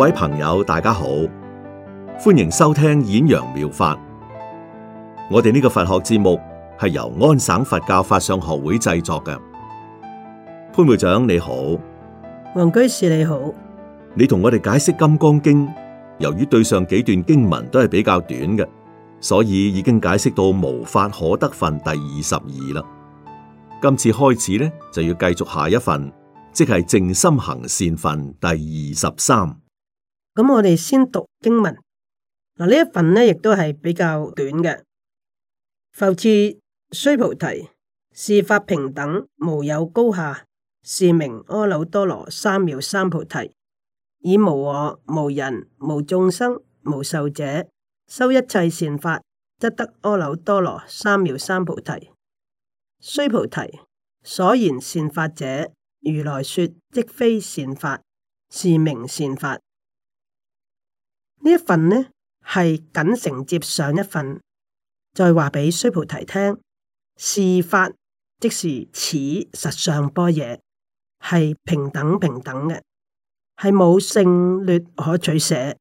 各位朋友，大家好，歡迎收聽演揚妙，妙法。我哋呢個佛學節目係由安省佛教法相學會製作嘅。潘會長你好，王居士你好，你同我哋解釋《金剛經》，由於對上幾段經文都係比較短嘅，所以已經解釋到無法可得分第二十二啦。今次開始咧，就要繼續下一份，即係淨心行善分第二十三。咁我哋先讀經文嗱，呢一份呢亦都係比較短嘅。復次，須菩提，是法平等，無有高下，是名阿耨多羅三藐三菩提。以無我、無人、無眾生、無壽者，修一切善法，則得阿耨多羅三藐三菩提。須菩提，所言善法者，如來說即非善法，是名善法。呢一份呢係緊承接上一份，再話畀須菩提聽，事法即是實相般若，係平等平等嘅，係冇勝劣可取捨，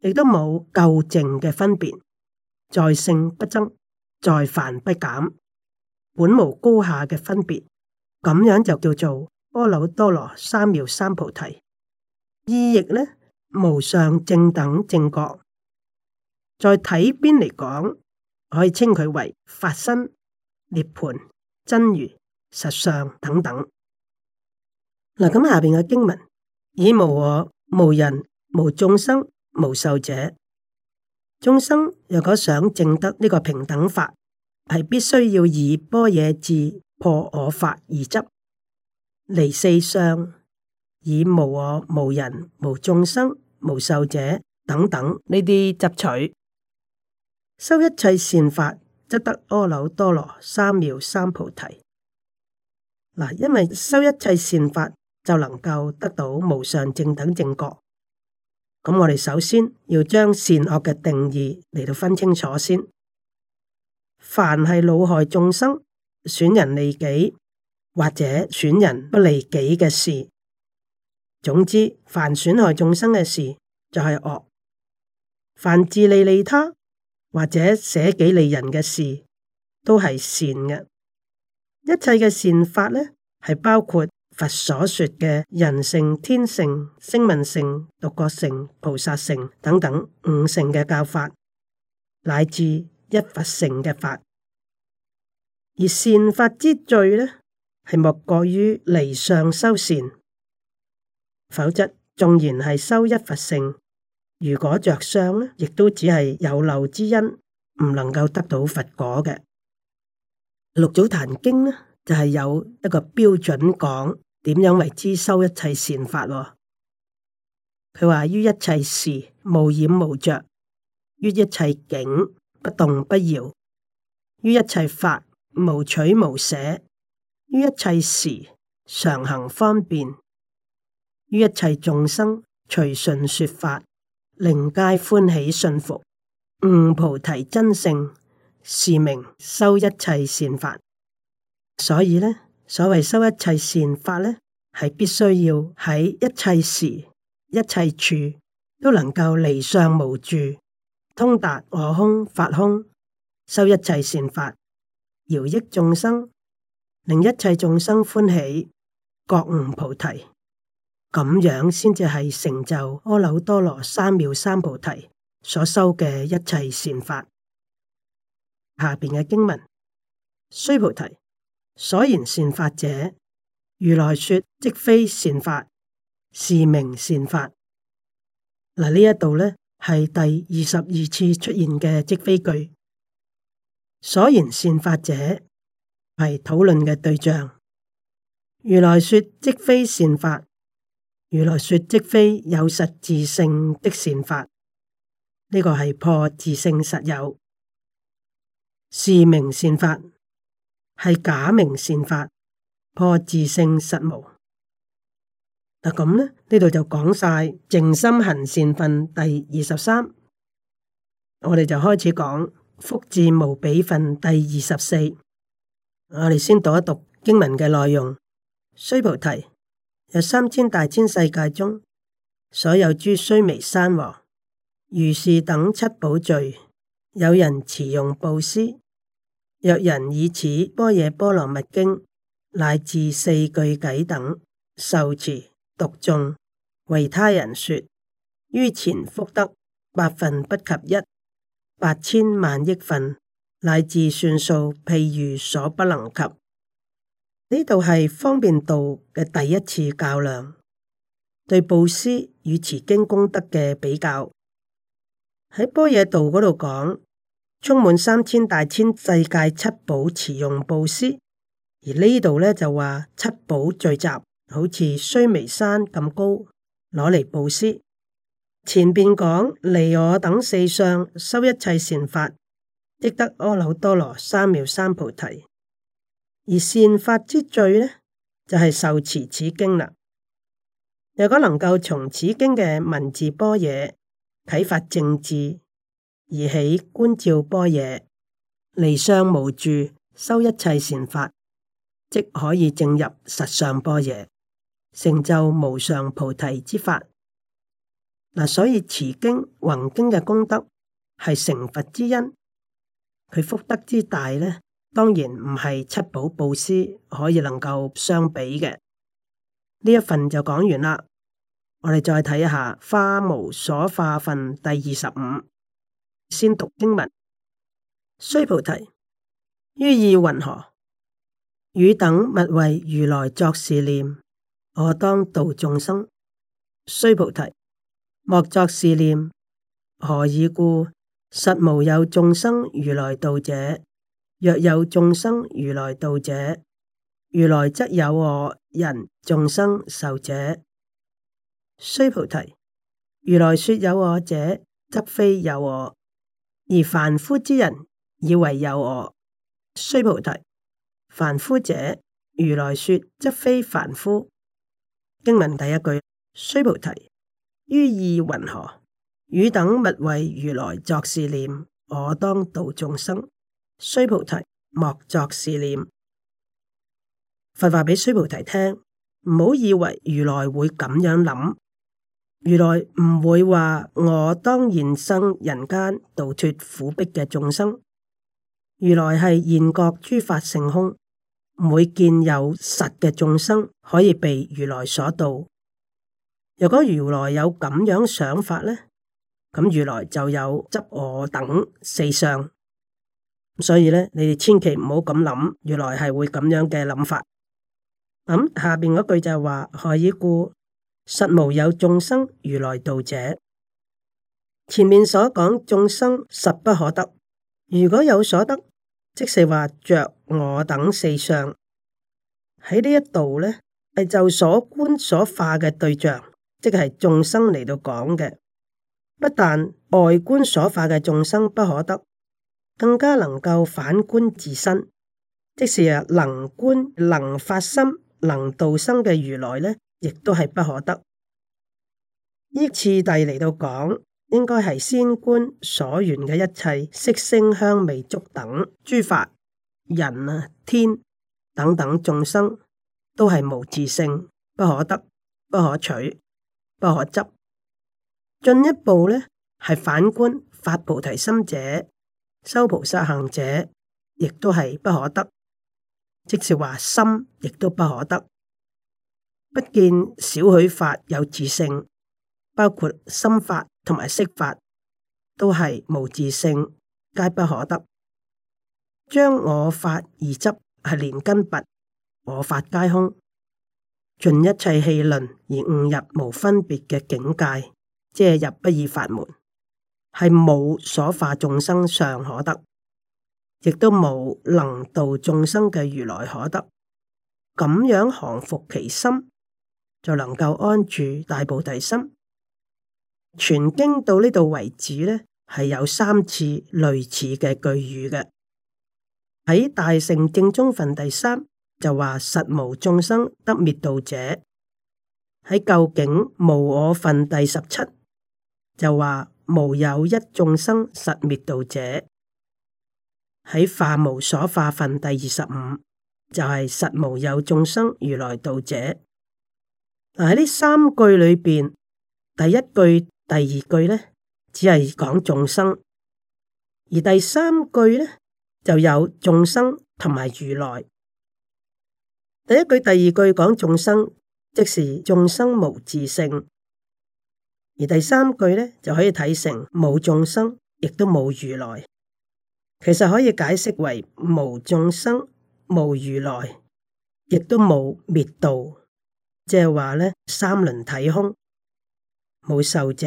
亦都冇垢淨嘅分別，在聖不增，在凡不減，本無高下嘅分別，咁樣就叫做阿耨多羅三藐三菩提。意譯呢？無上正等正覺，在體邊嚟講，可以稱佢為法身、涅槃、真如、實相等等。嗱，咁下邊嘅經文，以無我、無人、無眾生、無壽者，眾生若果想證得呢個平等法，係必須要以般若智破我法二執離四相，以無我、無人、無眾生。無受者等等呢啲執取，修一切善法，則得阿耨多羅三藐三菩提。嗱，因為修一切善法就能夠得到無上正等正覺。咁我哋首先要將善惡嘅定義嚟到分清楚先。凡係損害眾生、損人利己或者損人不利己嘅事。總之，凡損害眾生嘅事就係惡；凡自利利他或者捨己利人嘅事都係善嘅。一切嘅善法呢，係包括佛所說嘅人性、天性、聲聞性、獨覺性、菩薩性等等五性嘅教法，乃至一佛性嘅法。而善法之最呢，係莫過於離相修善。否則，縱然係修一佛性，如果着相咧，亦都只係有漏之因，唔能夠得到佛果嘅。六祖壇經呢，就係、是、有一個標準講點樣為之修一切善法。佢話於一切事無染無着，於一切境不動不搖，於一切法無取無捨，於一切時常行方便。於一切眾生隨順說法，令皆歡喜信服，悟菩提真性，是名修一切善法。所以呢，所謂修一切善法呢係必須要喺一切時、一切處都能夠離相無住，通達我空法空，修一切善法，饒益眾生，令一切眾生歡喜，覺悟菩提。咁樣先至係成就阿耨多羅三藐三菩提所修嘅一切善法。下邊嘅經文，須菩提，所言善法者，如來說即非善法，是名善法。嗱，呢一度咧係第二十二次出現嘅即非句。所言善法者係討論嘅對象，如來說即非善法。如來說即非有實自性的善法，呢、這個係破自性實有；是名善法，係假名善法，破自性實無。嗱咁呢，呢度就講晒《淨心行善分》第二十三，我哋就開始講《福智無比分》第二十四。我哋先讀一讀經文嘅內容，須菩提。有三千大千世界中，所有諸須彌山王如是等七寶聚。有人持用布施，若人以此般若波羅蜜經乃至四句偈等受持讀誦，為他人說，於前福德百分不及一，八千萬億份乃至算數譬喻所不能及。呢度係方便道嘅第一次較量，對布施與持經功德嘅比較。喺般若道嗰度講，充滿三千大千世界七寶持用布施，而呢度呢，就話七寶聚集，好似須彌山咁高，攞嚟布施。前邊講離我等四相，修一切善法，益得阿耨多羅三藐三菩提。而善法之最呢，就係、是、受持此經啦。若果能夠從此經嘅文字般若啟發正智，而起觀照般若離相無住，修一切善法，即可以證入實相般若，成就無上菩提之法。嗱，所以持經、弘經嘅功德係成佛之因，佢福德之大呢，當然唔係七寶布施可以能夠相比嘅，呢一份就講完啦。我哋再睇一下《化無所化分》第二十五，先讀經文。須菩提，於意云何？汝等勿為如來作是念：我當度眾生。須菩提，莫作是念。何以故？實無有眾生如來度者。若有眾生如來度者，如來則有我人眾生受者。須菩提，如來說有我者，則非有我；而凡夫之人以為有我。須菩提，凡夫者，如來說則非凡夫。經文第一句：須菩提，於意云何？汝等勿為如來作是念：我當度眾生。須菩提，莫作是念。佛話畀須菩提聽，唔好以為如來會咁樣諗。如來唔會話我當現生人間度脫苦逼嘅眾生。如來係現覺諸法性空，唔會見有實嘅眾生可以被如來所度。若果如來有咁樣想法呢，咁如來就有執我等四相。所以咧，你哋千祈唔好咁諗，原來係會咁樣嘅諗法。咁、嗯、下邊嗰句就係話：何以故？實無有眾生如來度者。前面所講眾生實不可得。如果有所得，即是話着我等四相。喺呢一度咧，係就所觀所化嘅對象，即係眾生嚟到講嘅。不但外觀所化嘅眾生不可得。更加能夠反觀自身，即是啊，能觀能發心能度生嘅如來呢，亦都係不可得。呢次第嚟到講，應該係先觀所緣嘅一切色聲香味觸等諸法，人啊天等等眾生都係無自性，不可得，不可取，不可執。進一步呢係反觀發菩提心者。修菩薩行者，亦都係不可得；即是話心，亦都不可得。不見少許法有自性，包括心法同埋色法，都係無自性，皆不可得。將我法二執，係連根拔，我法皆空，盡一切戲論而悟入無分別嘅境界，即係入不二法門。係冇所化眾生尚可得，亦都冇能度眾生嘅如來可得。咁樣降伏其心，就能夠安住大菩提心。全經到呢度為止咧，係有三次類似嘅句語嘅。喺大乘正宗分第三就話實無眾生得滅度者。喺究竟無我分第十七就話。無有一眾生實滅度者，喺化無所化分第二十五，就係實無有眾生如來度者。嗱喺呢三句裏邊，第一句、第二句呢，只係講眾生，而第三句呢就有眾生同埋如來。第一句、第二句講眾生，即是眾生無自性。而第三句呢，就可以睇成無眾生，亦都無如來。其實可以解釋為無眾生、無如來，亦都無滅度。即係話呢，三輪體空，無受者，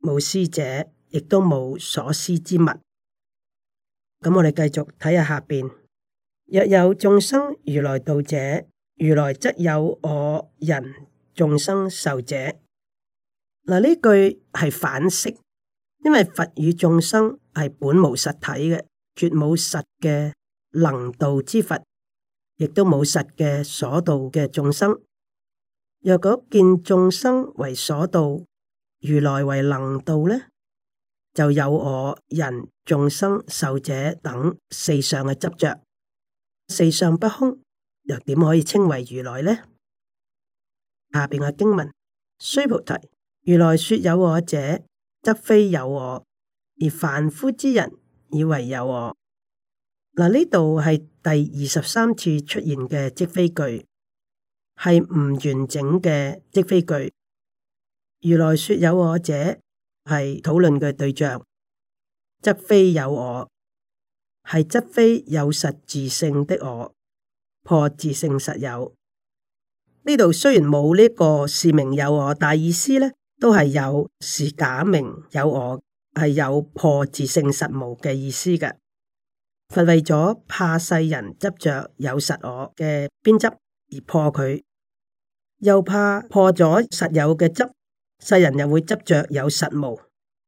無施者，亦都無所施之物。咁我哋繼續睇下下邊。若有眾生如來度者，如來則有我人眾生壽者。嗱，呢句係反釋，因為佛與眾生係本無實體嘅，絕冇實嘅能度之佛，亦都冇實嘅所度嘅眾生。若果見眾生為所度，如來為能度呢，就有我人眾生受者等四相嘅執着，四相不空，又點可以稱為如來呢？下邊嘅經文，須菩提。如來說有我者，則非有我，而凡夫之人以為有我。嗱，呢度係第二十三次出現嘅即非句，係唔完整嘅即非句。如來說有我者，係討論嘅對象，則非有我，係則非有實自性的我，破自性實有。呢度雖然冇呢個是名有我，但意思咧，都係有是假名，有我係有破自性實無嘅意思嘅。佛為咗怕世人執着有實我嘅邊執而破佢，又怕破咗實有嘅執，世人又會執着有實無。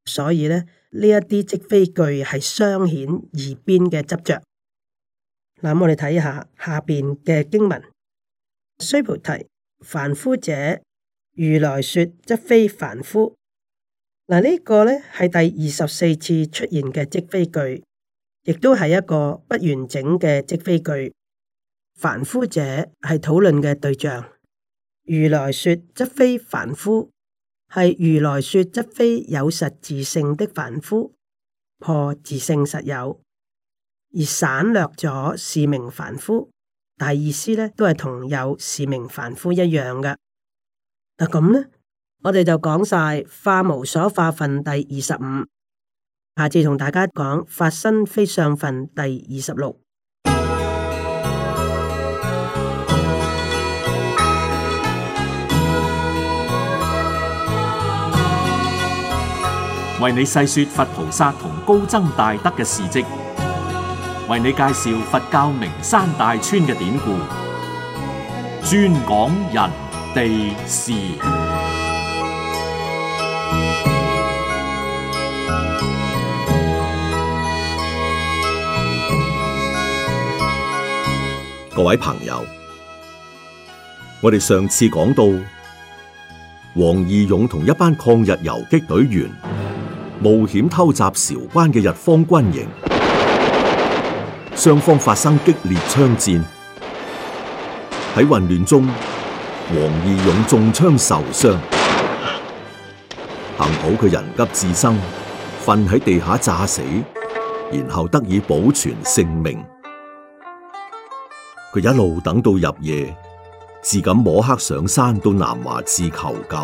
所以呢，呢一啲即非句係雙遣二邊嘅執着。嗱，我哋睇下下邊嘅經文：須菩提，凡夫者。如來說則非凡夫，嗱、這、呢個咧，係第二十四次出現嘅即非句，亦都係一個不完整嘅即非句。凡夫者係討論嘅對象，如來說則非凡夫，係如來說則非有實自性的凡夫，破自性實有，而省略咗是名凡夫，但係意思咧都係同有是名凡夫一樣嘅。嗱咁呢，我哋就講晒化無所化分第二十五，下次同大家講法身非上分第二十六。為你細說佛菩薩同高僧大德嘅事跡，為你介紹佛教名山大川嘅典故，專講人。地事， 各位朋友，我哋上次講到，黃義勇同一班抗日游擊隊員冒險偷襲韶關嘅日方軍營，雙方發生激烈槍戰，喺混亂中。黃義勇中槍受傷，幸好佢人急智生，瞓喺地下詐死，然後得以保存性命。佢一路等到入夜，至敢摸黑上山到南華寺求救。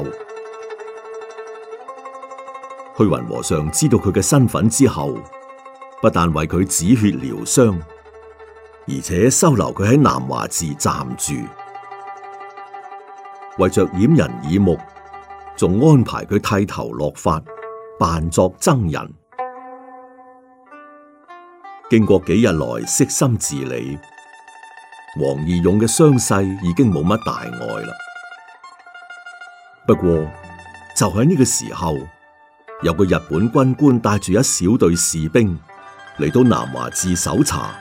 虛雲和尚知道佢嘅身份之後，不但為佢止血療傷，而且收留佢喺南華寺暫住。為着掩人耳目，仲安排佢剃頭落髮，扮作僧人。經過幾日來悉心治理，黃義勇嘅傷勢已經冇乜大礙啦。不過就喺呢個時候，有個日本軍官帶住一小隊士兵嚟到南華寺搜查，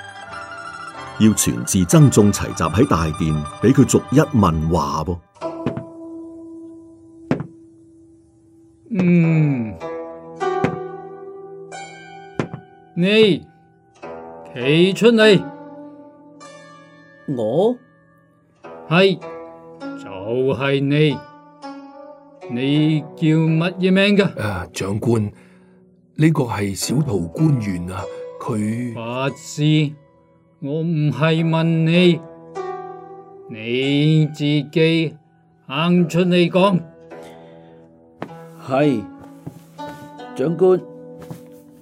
要全寺僧眾齊集喺大殿，俾佢逐一問話噃。嗯，你企出嚟，我係就係、是、你，你叫乜嘢名噶？啊，長官，呢、這個係小陶官員啊，佢。法師，我唔係問你，你自己行出嚟講。係，長官，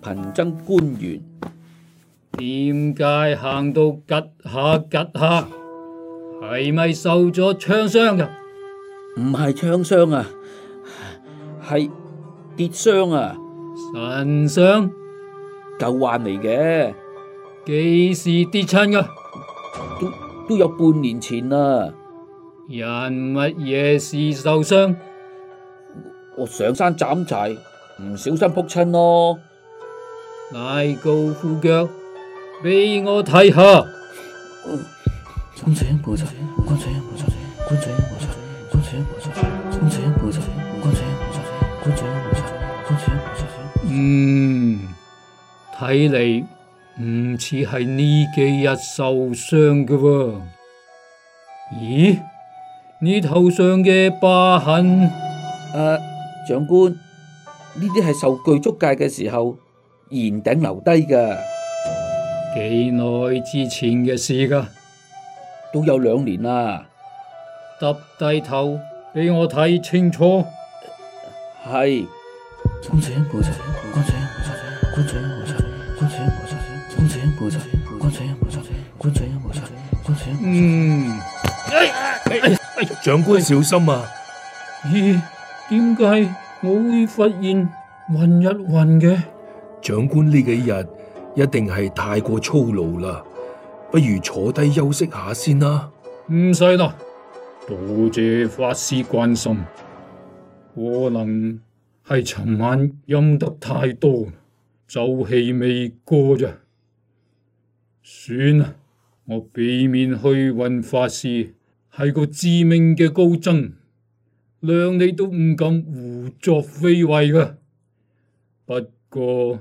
貧僧官員，點解行到吉下吉下？係咪受咗槍傷噶？唔係槍傷啊，係跌傷啊，神傷，舊患嚟嘅，幾時跌親噶？都都有半年前啦，人乜嘢事受傷？我上山斬柴，唔小心撲親咯！拉高褲腳俾我睇下。嗯。嗯。睇嚟唔似係呢幾日受傷嘅喎。咦？你頭上嘅疤痕，呃長官，呢啲係受具足戒嘅時候燃頂留低嘅。幾耐之前嘅事啊？都有兩年啦。耷低頭俾我睇清楚。係。嗯。哎呀！哎呀！哎呀！長官小心啊！咦？點解我會發現暈一暈嘅？長官，呢幾日一定係太過操勞啦，不如坐低休息下先啦。唔使啦，多謝法師關心。可能係尋晚飲得太多，酒氣未過咋？算啦，我避免去搵法師，係個致命嘅高僧。諒你都唔敢胡作非為噶。不過，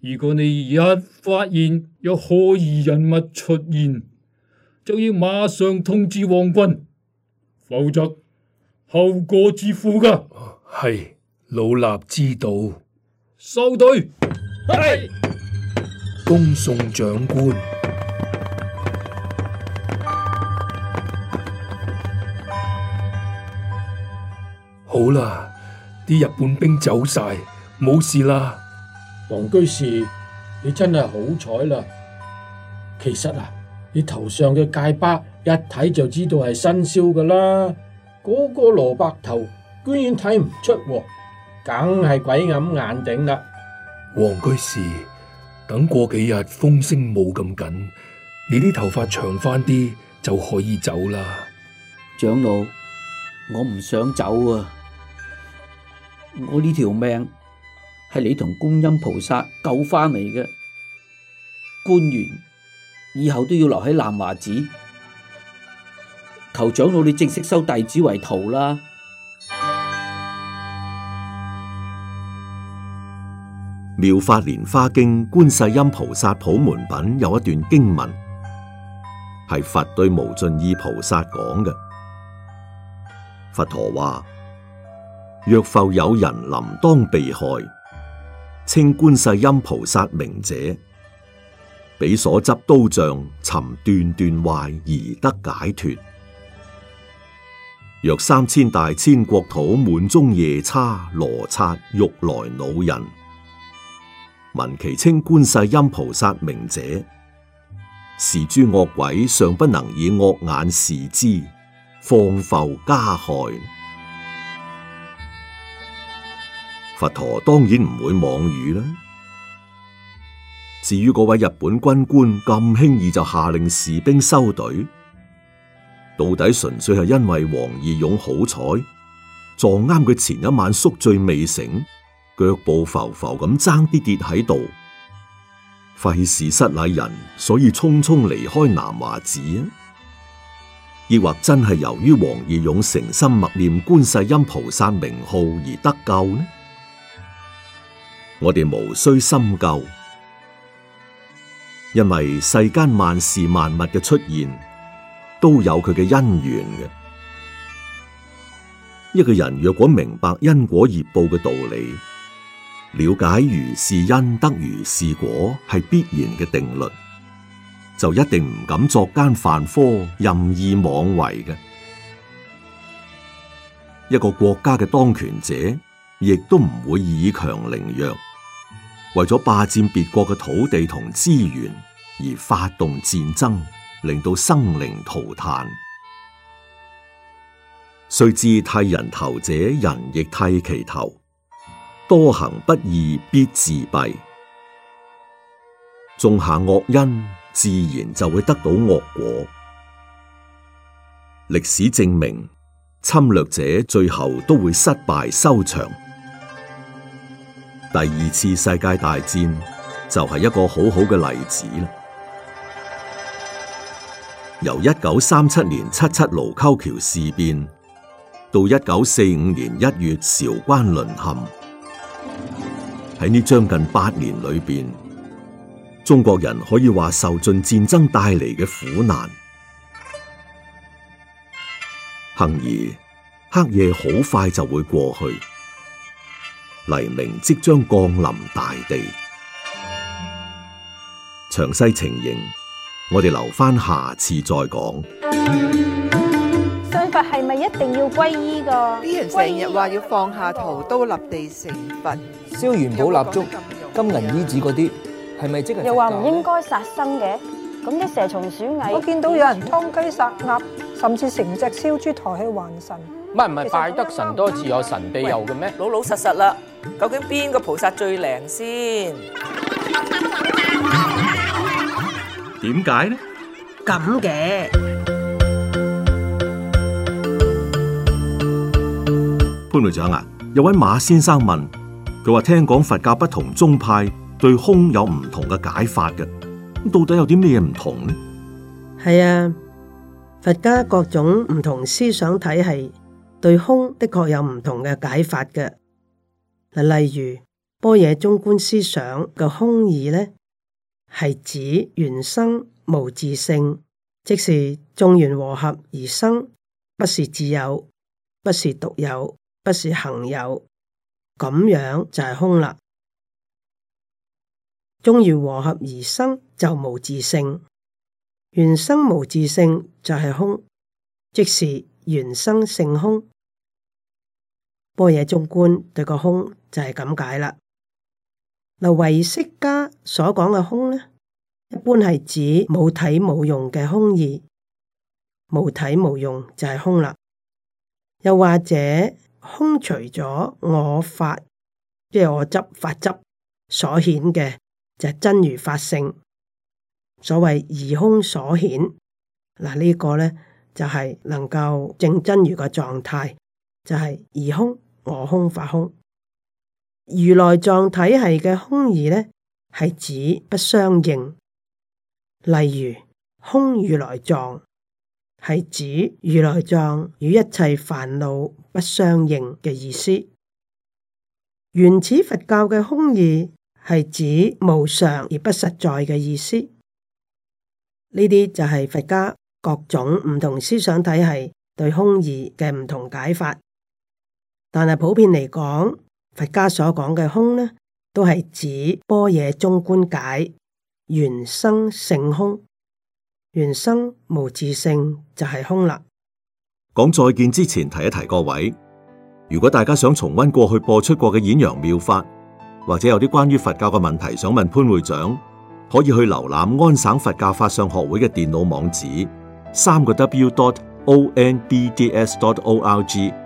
如果你一發現有可疑人物出現，就要馬上通知皇軍，否則後果自負噶。係，老衲知道。收隊。係。恭送長官。好啦，啲日本兵走晒，冇事啦。黃居士，你真係好彩啦。其實啊，你頭上嘅戒疤一睇，就知道係新燒噶啦。嗰個蘿蔔頭居然睇唔出，梗係鬼揞眼頂啦。黃居士，等過幾日風聲冇咁緊，你啲頭髮長翻啲就可以走啦。長老，我唔想走啊。我呢條命係你同觀音菩薩救翻嚟嘅，官員以後都要留喺南華寺，求長老你正式收弟子為徒啦。妙法蓮花經觀世音菩薩普門品有一段經文，係佛對無盡意菩薩講嘅，佛陀話。若復有人臨當被害，稱觀世音菩薩名者，彼所執刀杖，尋斷斷壞，壞而得解脫。若三千大千國土滿中夜叉羅剎欲來惱人，聞其稱觀世音菩薩名者，是諸惡鬼尚不能以惡眼視之，況復加害？佛陀當然唔會妄語啦。至於嗰位日本軍官咁輕易就下令士兵收隊，到底純粹係因為黃義勇好彩撞啱佢前一晚宿醉未醒，腳步浮浮咁爭啲跌喺度，費事失禮人，所以匆匆離開南華寺啊？抑或真係由於黃義勇誠心默念觀世音菩薩名號而得救呢？我哋無需深究，因為世間萬事萬物嘅出現都有佢嘅因緣嘅。一個人若果明白因果業報嘅道理，了解如是因得如是果係必然嘅定律，就一定唔敢作奸犯科、任意妄為嘅。一個國家嘅當權者亦都唔會以強凌弱。為咗霸占別國嘅土地同資源而發動戰爭，令到生靈塗炭。須知剃人頭者，人亦剃其頭；多行不義，必自斃。種下惡因，自然就會得到惡果。歷史證明，侵略者最後都會失敗收場。第二次世界大戰就係一個好好嘅例子啦。由一九三七年七七盧溝橋事變到一九四五年一月韶關淪陷，喺呢將近八年裏邊，中國人可以話受盡戰爭帶嚟嘅苦難。幸而黑夜好快就會過去。黎明即將降臨大地，詳細情形我哋留翻下，下次再講。信佛係咪一定要皈依噶？啲人成日話要放下屠刀立地成佛，燒元寶蠟燭、金銀衣紙嗰啲，係咪、啊、即係？又話唔應該殺生嘅，咁啲蛇蟲鼠蟻，我見到有人劏雞殺鴨，甚至成隻燒豬抬去還神。唔係唔係，拜得神多自有神庇佑嘅咩？喂老老實實啦。究竟邊個菩薩最靈先？點解呢？咁嘅潘隊長啊，有位馬先生問，佢話聽講佛教不同宗派對空有唔同嘅解法嘅，咁到底有啲咩嘢唔同呢？係啊，佛家各種唔同思想體系對空的確有唔同嘅解法嘅。例如，般若中觀思想嘅空義呢，係指緣生無自性，即是眾緣和合而生，不是自有，不是獨有，不是行有，咁樣就係空啦。眾緣和合而生就無自性，緣生無自性就係空，即是緣生性空。般若中觀對個空就係咁解啦。嗱，唯識家所講嘅空呢，一般係指冇體冇用嘅空義，冇體冇用就係空啦。又或者空除咗我法，即係我執法執所顯嘅就係真如法性，所謂二空所顯。嗱，呢個呢就係能夠證真如嘅狀態，就係二空。我空法空，如來藏體系嘅空義呢，係指不相應。例如，空如來藏，係指如來藏與一切煩惱不相應嘅意思。原始佛教嘅空義係指無常而不實在嘅意思。呢啲就係佛家各種唔同思想體系對空義嘅唔同解法。但係普遍嚟講，佛家所講嘅空呢，都係指般若中觀解原生性空，原生無自性就係空啦。講再見之前，提一提各位，如果大家想重溫過去播出過嘅演揚妙法，或者有啲關於佛教嘅問題想問潘會長，可以去瀏覽安省佛教法相學會嘅電腦網址，三個 w.dot.o.n.b.d.s.dot.o.r.g。